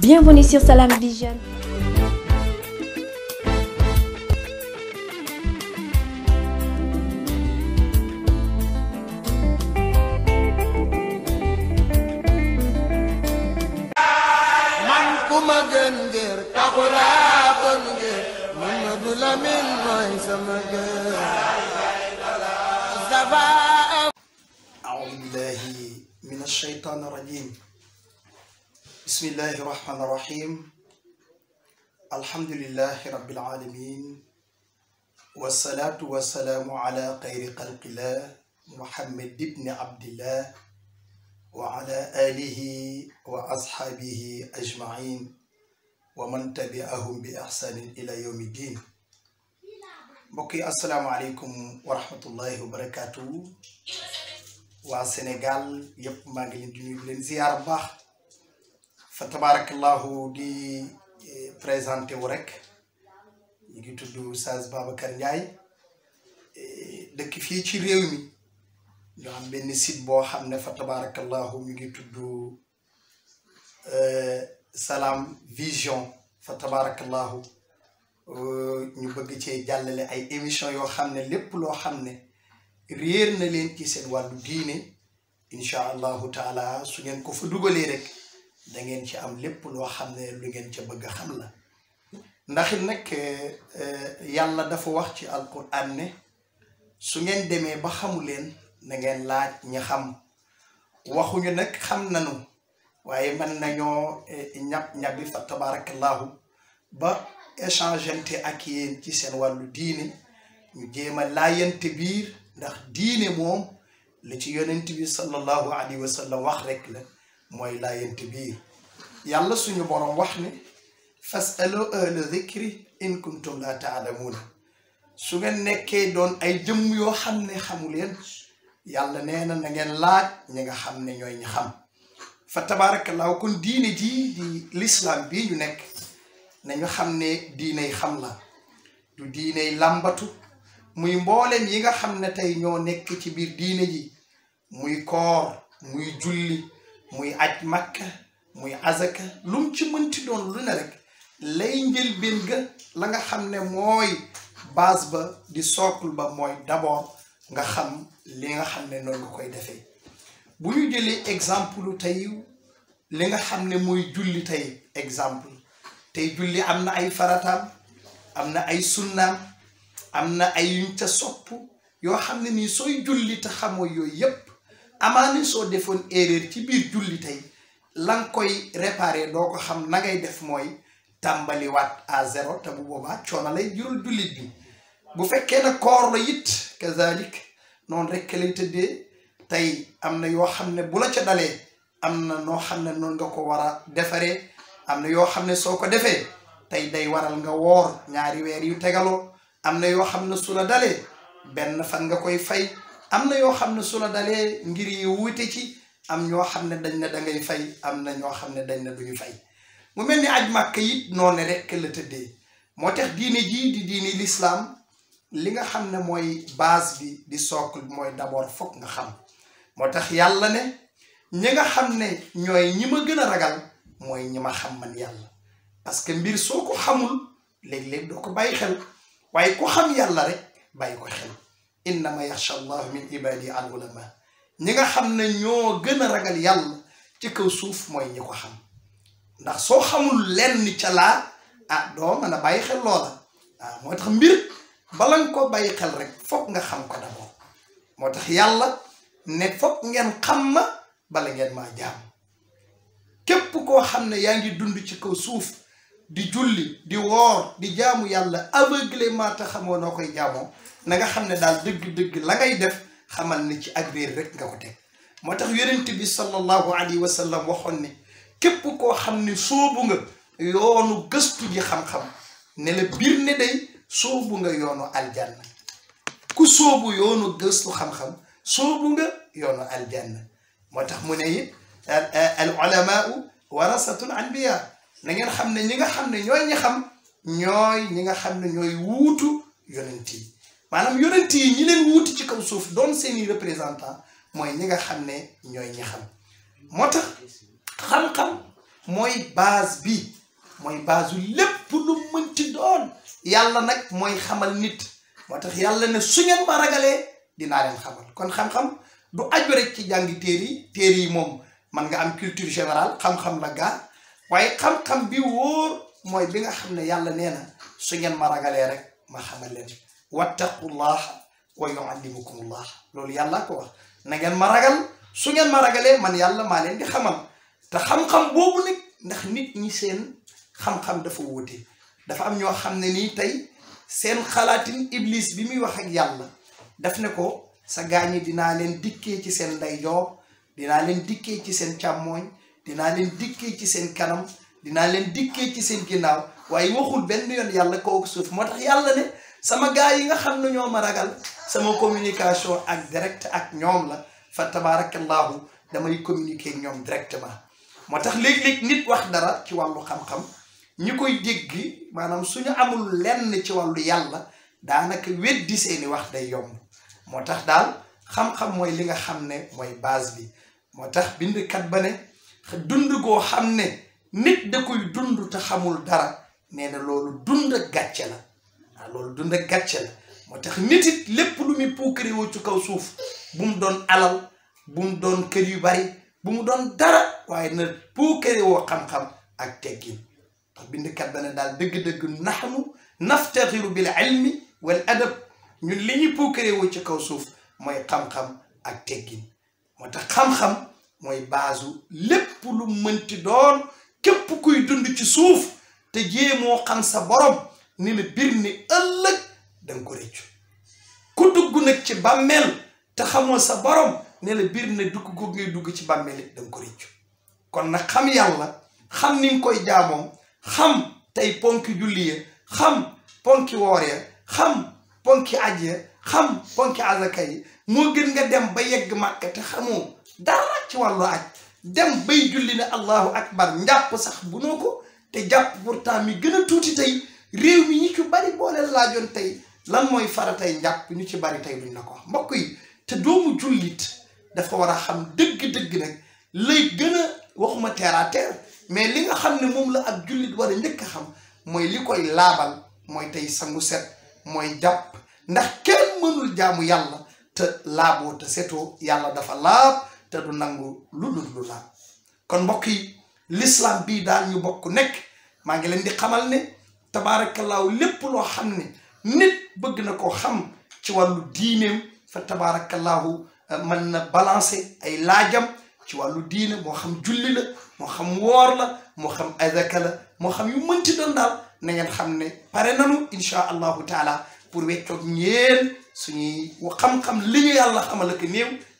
Bienvenue sur Salam Vision. أعوذ بالله من الشيطان الرجيم bismillahi irrahman irrahim alhamdulilahi rabilalamin wasalaatu wasalaamu ala xayri xalqillah muhammad ibni abdillah wa ala alihi wa asxaabihi ajmain wa man tabiahum bi ixsaanin ila yawmi din mbokk yi asalaamualeykum wa rahmatullahi wa barakatuhu waa sénégal yépp maa ngi leen di nuyu leen ziyaar bu baax fa tabaarakallaahu di eh, présenté wu rek ñu ngi tudd Oustaz Babacar Ndiaye eh, dëkk fii ci réew mi ñu am benn sit boo xam ne fa tabaarakallaahu ñu ngi tudd eh, Salam Vision fa tabaarakallaahu ñu bëgg cee jàllale ay émission yoo xam ne lépp loo xam ne réer na leen ci seen wàllu diine incha allahu taala su ngeen ko fu dugalee rek da ngeen ci am lépp loo xam ne lu ngeen ca bëgg a xam la ndax it nag eh, eh, yàlla dafa wax ci alquran ne su ngeen demee ba xamu leen na ngeen laaj ñi xam waxuñu nag xam nanu waaye mën nañoo eh, ñab ñabi fa tabarakallahu ba échangeante ak yéen ci seen wàllu diine ñu jéem a laayante biir ndax diine moom li ci yonent bi sallallahu alayhi wa wax rekk la mooy laayante biir yàlla suñu borom wax ne fasalu ahla dhikri in kuntum la taalamuuna su ngeen nekkee doon ay jëmm yoo xam ne xamu leen yàlla nee na ngeen laaj ñi nga xam ne ñooy ñu xam fa tabaarakallaahu kon diine jii di lislaam ñu nekk nañu xam ne diiney xam la du diiney làmbatu muy mboolem yi nga xam ne tey ñoo nekk ci biir diine ji muy koor muy julli muy aj makka muy azaka lu mu ci mënti doon lu ne rek lay njëlbéen ga la nga xam ne mooy base ba di socle ba mooy d'abord nga xam li nga xam ne noonu nga koy defee bu ñu jëlee exemple tey li nga xam ne mooy julli exemple tey julli am na ay farataam am na ay sunnaam am na ay yuñ ca sopp yoo xam ne nii sooy julli te xamoo yooyu yépp amaani soo defoon erreur ci biir julli tey la koy réparer doo ko xam nangay def mooy tàmbaliwaat à zéro te bu boobaa coono lay jural jullit bi bu fekkee na koor la it kazalik noonu rek lay tëddee tey am na yoo xam ne bu la ca dalee am na noo xam ne noonu nga ko war a defaree am na yoo xam ne soo ko defee tey day waral nga woor ñaari weer yu tegaloo am na yoo xam ne sula la dalee benn fan nga koy fay am na yoo xam ne su la dalee ngir yi wuute ci am ñoo xam ne dañ ne da fay am na ñoo xam ne dañ ne duñu fay mu mel ni aj màkk it noonu rek la tëddee moo tax diine jii di diine lislaam li nga xam ne mooy base bi di socle mooy d'abord foog nga xam moo tax yàlla ne ñi nga xam ne ñooy ñi ma gën a ragal mooy ñi ma xam man yàlla parce que mbir soo ko xamul léeg-léeg doo ko bàyyi xel waaye ko xam yàlla rek bàyyi ko xel innama yaxsha allah min ibadi al ulama ñi nga xam ne ñoo gën a ragal yàlla ci kaw suuf mooy ñi ko xam ndax soo xamul lenn ca laa ah doo mën a bàyyi xel loola ah, moo tax mbir bala nga ko bàyyi xel rek foog nga xam ko d'abord moo tax yàlla ne foog ngeen xam ma bala ngeen maa jaam képp koo xam ne yaa ngi dund ci kaw suuf di julli di woor di jaamu yàlla aveuglément te xamoo noo koy jaamoo na nga xam ne daal dëgg-dëgg la ngay def xamal ne ci ak réer rek nga ko teg moo tax yonent bi sallallahu alayhi wa sallam waxoon ne képp koo xam ne soobu nga yoonu gëstu ji xam-xam ne la biir ne day soobu nga yoonu aljanna ku soobu yoonu gëstu xam-xam soobu nga yoonu aljanna moo tax mu ne yi al ulamaau warasatul anbiya na ngeen xam ne ñi nga xam ne ñooy ñi xam ñooy ñi nga xam ne ñooy wuutu yonent yi maanaam yonent yi ñi leen wuti ci kaw suuf doon seeni représentant mooy ñi nga xam ne ñooy ñi xam moo tax xam-xam mooy base bi mooy base yu lépp lu mënti doon yàlla nag mooy xamal nit moo tax yàlla ne su ngeen ma ragalee dinaa leen xamal kon xam-xam du aju rek ci jàngi téere yi yi moom man nga am culture général xam-xam la gaa waaye xam-xam bi wóor mooy bi nga xam ne yàlla nee na su ngeen ma ragalee rek ma xamal leen wattaqullah wa yuallimukumullah loolu yàlla ko wax nangeen ma ragal su ngeen ma ragalee man yàlla maa leen di xamal te xam-xam boobu nag ndax nit ñi seen xam-xam dafa wóote dafa am ñoo xam ne nii tey seen xalaatin iblis bi muy wax ak yàlla def ne ko sa gaañi dinaa leen dikkee ci seen ndeyjoor dinaa leen dikkee ci seen càmmooñ dinaa leen dikkee ci seen kanam dinaa leen dikkee ci seen ginnaaw waaye waxul benn yoon yàlla ko suuf moo tax yàlla ne sama gars yi nga xam ne ñoo ma ragal sama communication ak direct ak ñoom la fa tabarakallahu damay communiquer ñoom ma moo tax léeg-léeg nit wax dara ci wàllu xam-xam ñi koy dégg maanaam suñu amul lenn ci wàllu yàlla daanaka weddi seeni wax day yomb moo tax daal xam-xam mooy li nga xam ne mooy base bi moo tax bindkat ba ne dund goo xam ne nit da koy dund te xamul dara nee na loolu dund ak gàcce la waaw ah, loolu dund ak moo tax nit it lépp lu muy puukare woo ci kaw suuf bu doon alaw bu doon kër yu bari bu mu doon dara waaye na puukare woo xam-xam ak teggin ndax bindkat dana daal dëgg-dëgg naxnu naftaxiru bil ilmi wal adab ñun li ñuy puukare woo ci kaw suuf mooy xam-xam ak teggin moo tax xam-xam mooy baasu lépp lu mënti doon képp kuy dund ci suuf te jéemoo xam sa borom ni la bir ni ëllëg danga ko réccu ku dugg nag ci bàmmeel te xamoo sa borom ne la biir ne dugg googu ngay dugg ci bàmmeel it danga ko réccu kon nag xam yàlla xam ni koy jaamoom xam tey ponki julli ya xam ponki woor ya xam ponki aj ya xam ponki azaka yi moo gën nga dem ba yegg màkka te xamoo dara ci wàllu aj dem bay julli ne allahu akbar njàpp sax bu noo ko te jàpp pourtant mi gën a tuuti tey réew mi ñi ci bari boole laajoon tey lan mooy faratay njàpp ñu ci bari tey duñ la ko wax mbokk yi te doomu jullit dafa war a xam dëgg-dëgg nag lay gën a waxuma terre mais li nga xam ne moom la ab jullit war a njëkk xam mooy li koy laabal mooy tey sangu set mooy jàpp ndax kenn mënul jaamu yàlla te laaboo te setoo yàlla dafa laab te du nangu lu dul lu laab kon mbokk yi l'islam bii daal ñu bokk nekk maa ngi leen di xamal ne tabaarakallaahu lépp loo xam ne nit bëgg na ko xam ci wàllu diineem fa tabaarakallaahu euh, mën na balancer ay laajam ci wàllu diine moo xam julli la moo xam woor la moo xam azaka la moo xam yu mënti doon daal na ngeen xam ne pare nanu insha allahu taala pour weccoog ñeen suñuy xam-xam li ñu yàlla xamal ak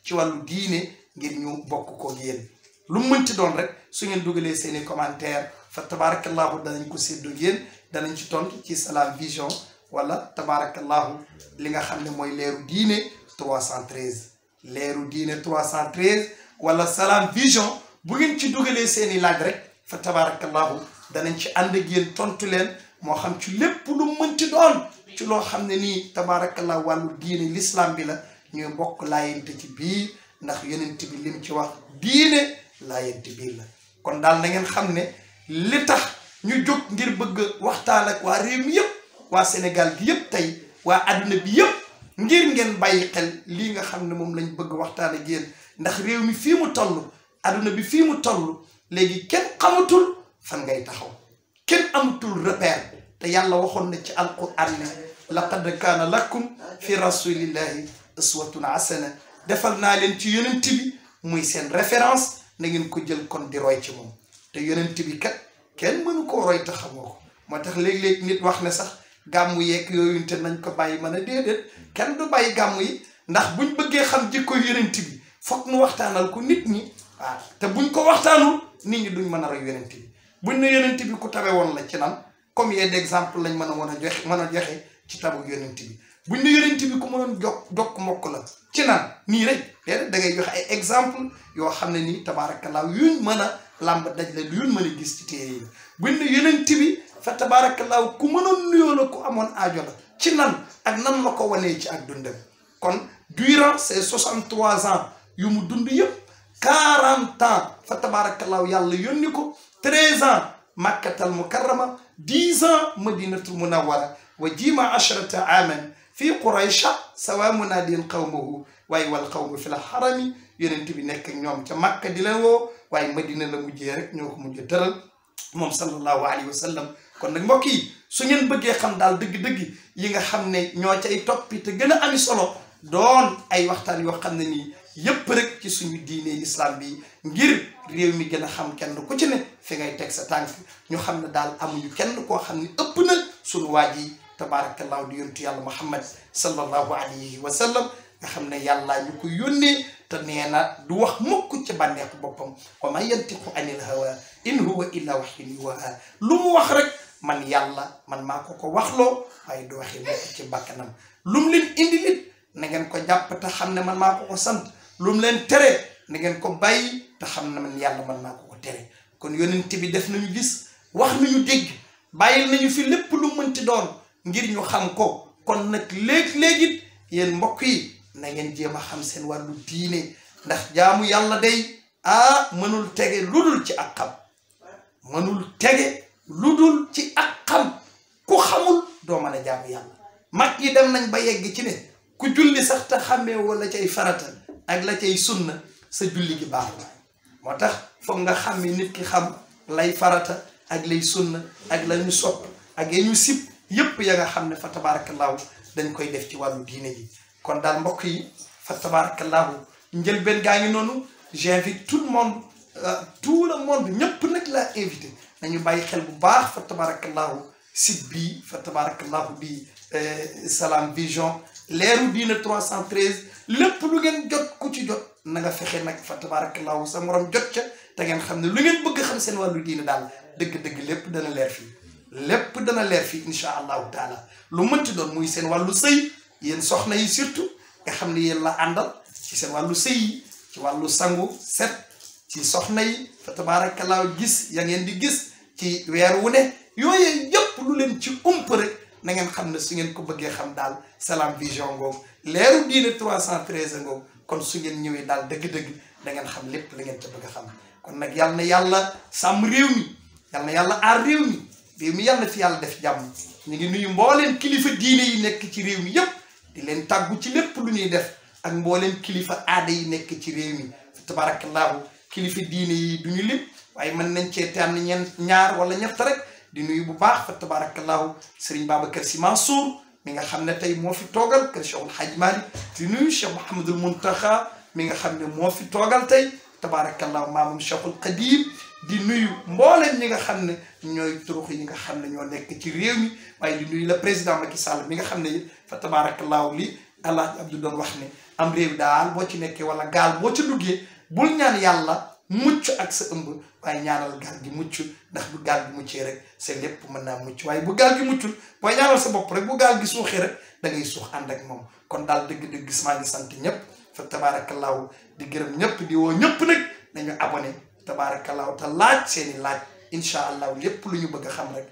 ci wàllu diine ngir ñu bokk ko yéen lu mënti doon rek su ngeen dugalee seeni commentaire fa tabarakallahu danañ ko séddoo yéen danañ ci tontu ci Salam Vision wala tabarakallahu li nga xam ne mooy leeru diine 313 leeru diine 313 wala Salam Vision bu ngeen ci dugalee seeni laaj rek fa tabarakallahu danañ ci ànd ak yéen tontu leen moo xam ci lépp lu mënti doon ci loo xam ne nii tabarakallahu wàllu diine l'islam bi la ñuy bokk laayante ci biir ndax yonent bi lim ci wax diine laayante la kon daal na ngeen xam ne li tax ñu jóg ngir bëgg waxtaan ak waa réew mi yëpp waa Sénégal gi yëpp tey waa adduna bi yëpp ngir ngeen bàyyi xel lii nga xam ne moom lañ bëgg waxtaan ak yéen ndax réew mi fii mu toll adduna bi fii mu toll léegi kenn xamatul fan ngay taxaw kenn amatul repère te yàlla waxoon na ci alquran ne laqad kaana lakum fi rasulillahi uswatun hasana defal naa leen ci yonent bi muy seen référence na ngeen ko jël kon di roy ci moom te yonent bi kat kenn mënu koo roy te xamoo ko moo tax léeg-léeg nit wax ne sax gàmmu yeeg yooyu te nañ ko bàyyi mën a déedéet kenn du bàyyi gàmm yi ndax buñ bëggee xam jikko yonent bi foog nu waxtaanal ko nit ñi waaw te buñ ko waxtaanul nit ñi duñ mën a roy yonent bi buñ ne yonent bi ku tabe woon la ci nan comme yee d'exemple lañ mën a mën a mën a joxe ci tabu yonent bi buñ ne yonent bi ku mënoon jokk jokk mokk la ci nan nii rek déedéet da ngay joxe ay exemple yoo xam ne nii tabaarakallaa yuñ mën a làmb daj la lu yoon mën a gis ci téere yi buñ ne yeneen bi fa tabaarakallaahu ku mënoon nuyoo la ku amoon aajo la ci nan ak nan la ko wanee ci ak dundam kon durant ces soixante trois ans yu mu dund yëpp quarante ans fa tabaarakallaahu yàlla yónni ko treize ans makkatal mukarrama dix ans madinatul munawwara wa jima ashrata aman fi quraysha sawa munadin qawmahu waaye wal qawmu fi l harami yonent bi nekk ñoom ca Makka di leen woo waaye Madina la mujjee rek ñoo ko mujjee tëral moom sallallahu alayhi wa sallam kon nag mbokk su ngeen bëggee xam daal dëgg-dëgg yi nga xam ne ñoo cay toppi te gën a ami solo doon ay waxtaan yoo xam ne nii yépp rek ci suñu diine islam bi ngir réew mi gën a xam kenn ku ci ne fi ngay teg sa tànk ñu xam ne daal amuñu kenn koo xam ne ëpp na suñu waa ji tabaarakallaahu di yontu yàlla muhammad sallallahu alayhi wa sallam nga xam ne yàlla ñu ko yónnee te nee na du wax mukk ci bànneexu boppam wa ma yantiqu anil hawa in huwa illa waxyun yuuhaa lu mu wax rek man yàlla man maa ko ko waxloo waaye du waxi ci bàkkanam lu leen indi na ngeen ko jàpp te xam ne man maa ko ko leen tere na ngeen ko bàyyi te xam ne man yàlla man ko tere kon yonent bi def nañu gis wax nañu dégg bàyyil nañu fi lépp lu mënti doon ngir ñu xam ko kon nag léeg-léegit yéen mbokk yi na ngeen jéem a xam seen wàllu diine ndax jaamu yàlla day ah mënul tege lu dul ci ak xam mënul tege dul ci ak xam ku xamul doo mën a jaamu yàlla mag yi dem nañ ba yegg ci ne ku julli sax te xàmmee wala cay farata ak la cay sunna sa julli gi baax moo tax foog nga xàmme nit ki xam lay farata ak lay sunna ak la ñu sopp ak ya ñu sib yépp ya nga xam ne fa tabaarakallaahu dañ koy def ci wàllu diine ji kon daal mbokk yi fa tabarakallahu njëlbeen gaa ngi noonu j'invite tout le monde euh, tout le monde ñëpp na laa invité nañu bàyyi xel bu baax fa tabarakallahu site bii fa tabarakallahu bi euh, Salam Vision leeru diine 313 lépp lu ngeen jot ku ci jot na nga fexe nag fa tabarakallahu sa morom jot ca te ngeen xam ne lu ngeen bëgg xam seen wàllu diine daal dëgg-dëgg lépp dana leer fii lépp dana leer fii incha allahu taala lu mënti doon muy seen wàllu sëy yéen soxna yi surtout nga xam ne yéen la àndal ci seen wàllu sëy yi ci wàllu sangu set ci soxna yi fa tabaarakalaaw gis ya ngeen di gis ci weer wu ne yooyu yëpp lu leen ci ump rek na ngeen xam ne su ngeen ko bëggee xam daal Salam Vision ngoog leeru diine 313 ngoog kon su ngeen ñëwee daal dëgg-dëgg da ngeen xam lépp la ngeen ca bëgg a xam kon nag yal na yàlla sàmm réew mi na yàlla aar réew mi réew mi na fi yàlla def jàmm ñu ngi nuyu mbooleen kilifa diine yi nekk ci réew mi yëpp. di leen tàggu ci lépp lu ñuy def ak mboolem kilifa aada yi nekk ci réew mi tabarakallahu kilifa diine yi du ñu lim waaye mën nañ cee tànn ñen ñaar wala ñett rek di nuyu bu baax fa tabarakallahu sëriñ Babacar Sy Mansour mi nga xam ne tey moo fi toogal kër Cheikhul Hadj Malick di nuyu Cheikh Mouhamadul Mountakha mi nga xam ne moo fi toogal tey tabarakallahu maamam Cheikhul Qadim di nuyu mboolem ñi nga xam ne ñooy turux yi nga xam ne ñoo nekk ci réew mi waaye di nuyu la président Macky Sall mi nga xam ne it fa tabaarakallaahu li Alaaji di doon wax ne am réew daal boo ci nekkee wala gaal boo ci duggee bul ñaan yàlla mucc ak sa ëmb waaye ñaanal gaal gi mucc ndax bu gaal gi muccee rek seen lépp mën naa mucc waaye bu gaal gi muccul booy ñaanal sa bopp rek bu gaal gi suuxee rek dangay ngay suux ànd ak moom kon daal dëgg-dëgg gis maa sant ñëpp fa tabaarakallaahu di gërëm ñëpp di woo ñëpp nag nañu abonné tabaarakallaahu te laaj seeni laaj incha allahu lu ñu bëgg a xam rek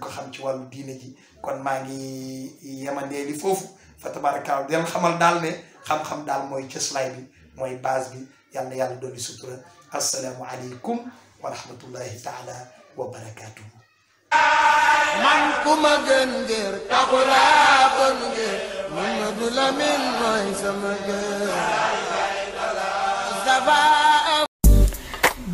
ko xam ci wàllu diine ji kon maa ngi yemandee li foofu fa tabaarakallaahu di xamal daal ne xam-xam daal mooy cëslaay bi mooy base bi yàlla yàlla dolli sutura asalaamu aleykum wa rahmatullahi taala